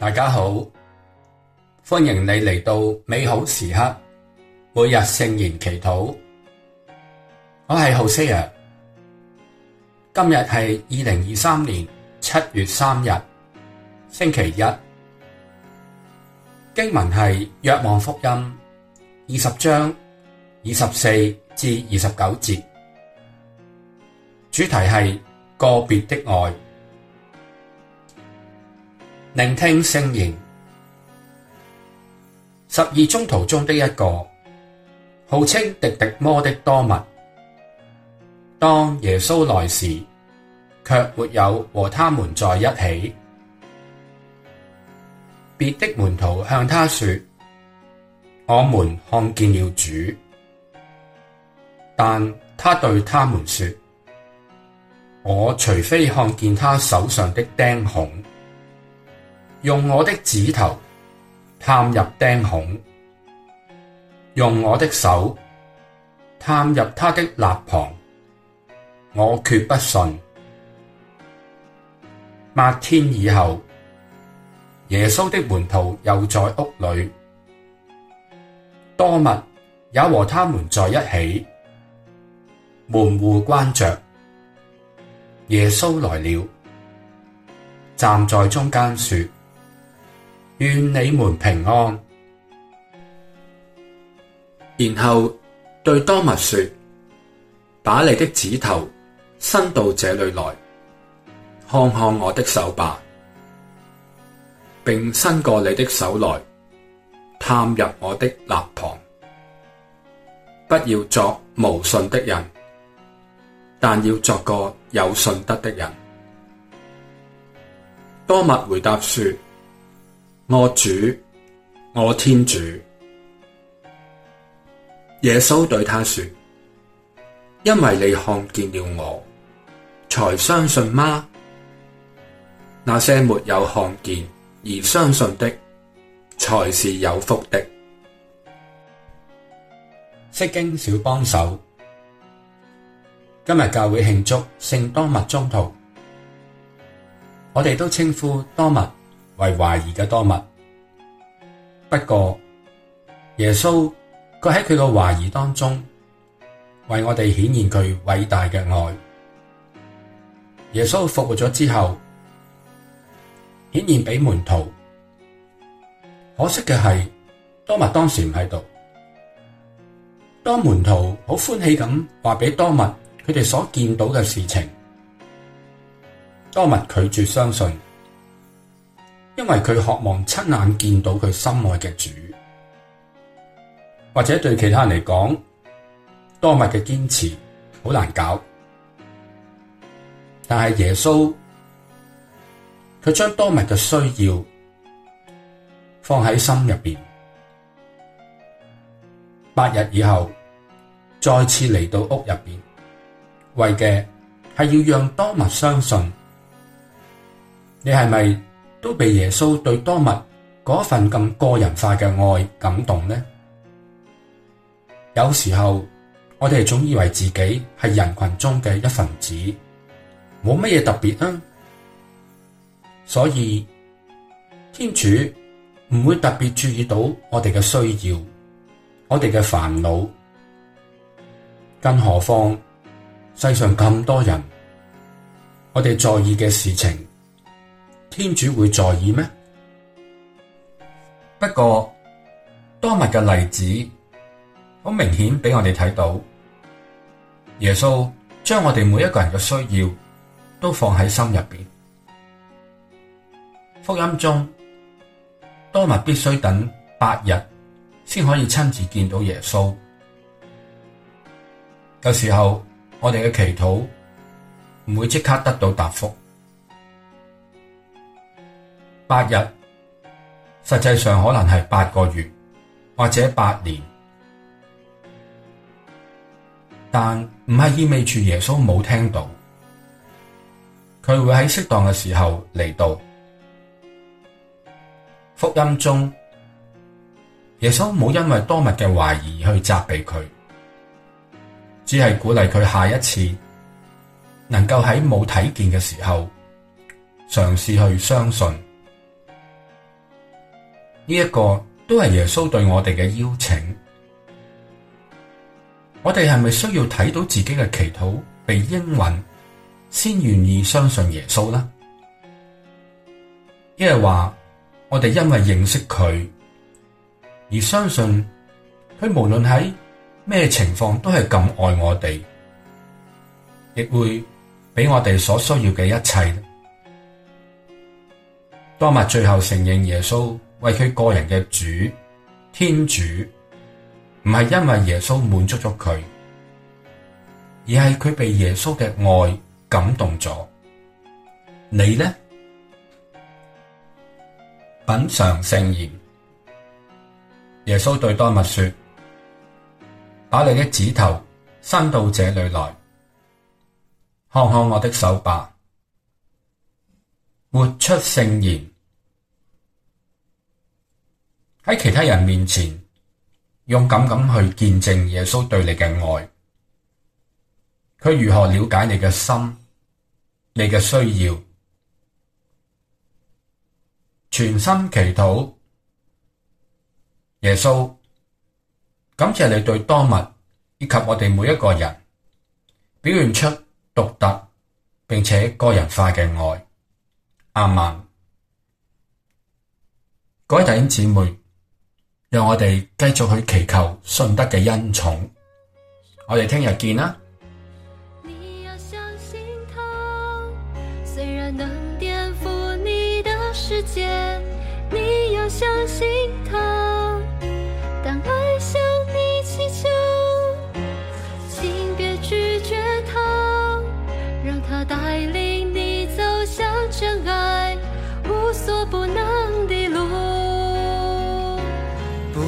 大家好，歡迎你嚟到美好時刻，每日聖言祈禱。我係浩西亞，今日係二零二三年七月三日，星期一。經文係《若望福音》二十章二十四至二十九節，主題係個別的愛。聆聽聖言，十二宗徒中的一個，號稱狄狄摩的多默，當耶穌來時，卻沒有和他們在一起。別的門徒向他說：「我們看見了主。」但他對他們說：「我除非看見他手上的釘孔。用我的指頭探入釘孔，用我的手探入他的肋膀，我絕不信。八天以後，耶穌的門徒又在屋裏，多默也和他們在一起，門戶關着。耶穌來了，站在中間說。願你們平安。然後對多默說：把你的指頭伸到這裏來，看看我的手吧，並伸過你的手來，探入我的肋膀。不要作無信的人，但要作個有信德的人。多默回答說。我主，我天主，耶穌對他說：因為你看見了我，才相信嗎？那些沒有看見而相信的，才是有福的。釋經小幫手，今日教會慶祝聖多默宗徒，我哋都稱呼多默。為懷疑嘅多默。不過耶穌佢喺佢個懷疑當中，為我哋顯現佢偉大嘅愛。耶穌復活咗之後，顯現俾門徒。可惜嘅係，多默當時唔喺度。當門徒好歡喜咁話俾多默佢哋所見到嘅事情，多默拒絕相信。因為佢渴望親眼見到佢心愛嘅主，或者對其他人嚟講，多默嘅堅持好難搞。但係耶穌，佢將多默嘅需要放喺心入邊。八日以後，再次嚟到屋入邊，為嘅係要讓多默相信，你係咪？都被耶穌對多默嗰份咁個人化嘅愛感動呢？有時候我哋總以為自己係人群中嘅一份子，冇乜嘢特別啊，所以天主唔會特別注意到我哋嘅需要，我哋嘅煩惱，更何況世上咁多人，我哋在意嘅事情。天主會在意咩？不過多默嘅例子好明顯俾我哋睇到，耶穌將我哋每一個人嘅需要都放喺心入邊。福音中，多默必須等八日先可以親自見到耶穌。有時候我哋嘅祈禱唔會即刻得到答覆八日，實際上可能係八個月或者八年，但唔係意味住耶穌冇聽到，佢會喺適當嘅時候嚟到。福音中，耶穌冇因為多默嘅懷疑去責備佢，只係鼓勵佢下一次能夠喺冇睇見嘅時候嘗試去相信。呢一個都係耶穌對我哋嘅邀請，我哋係咪需要睇到自己嘅祈禱被應允，先願意相信耶穌呢？一係話我哋因為認識佢而相信佢，無論喺咩情況都係咁愛我哋，亦會俾我哋所需要嘅一切。多默最後承認耶穌。為佢個人嘅主天主，唔係因為耶穌滿足咗佢，而係佢被耶穌嘅愛感動咗。你呢？品嘗聖言，耶穌對多默說：「把你嘅指頭伸到這裏來，看看我的手吧。活出聖言。喺其他人面前，勇敢咁去見證耶穌對你嘅愛，佢如何了解你嘅心、你嘅需要。全心祈禱耶穌，感謝你對多默以及我哋每一個人表現出獨特並且個人化嘅愛。阿門。各位弟兄姊妹。讓我哋繼續去祈求信德嘅恩寵，我哋聽日見啦。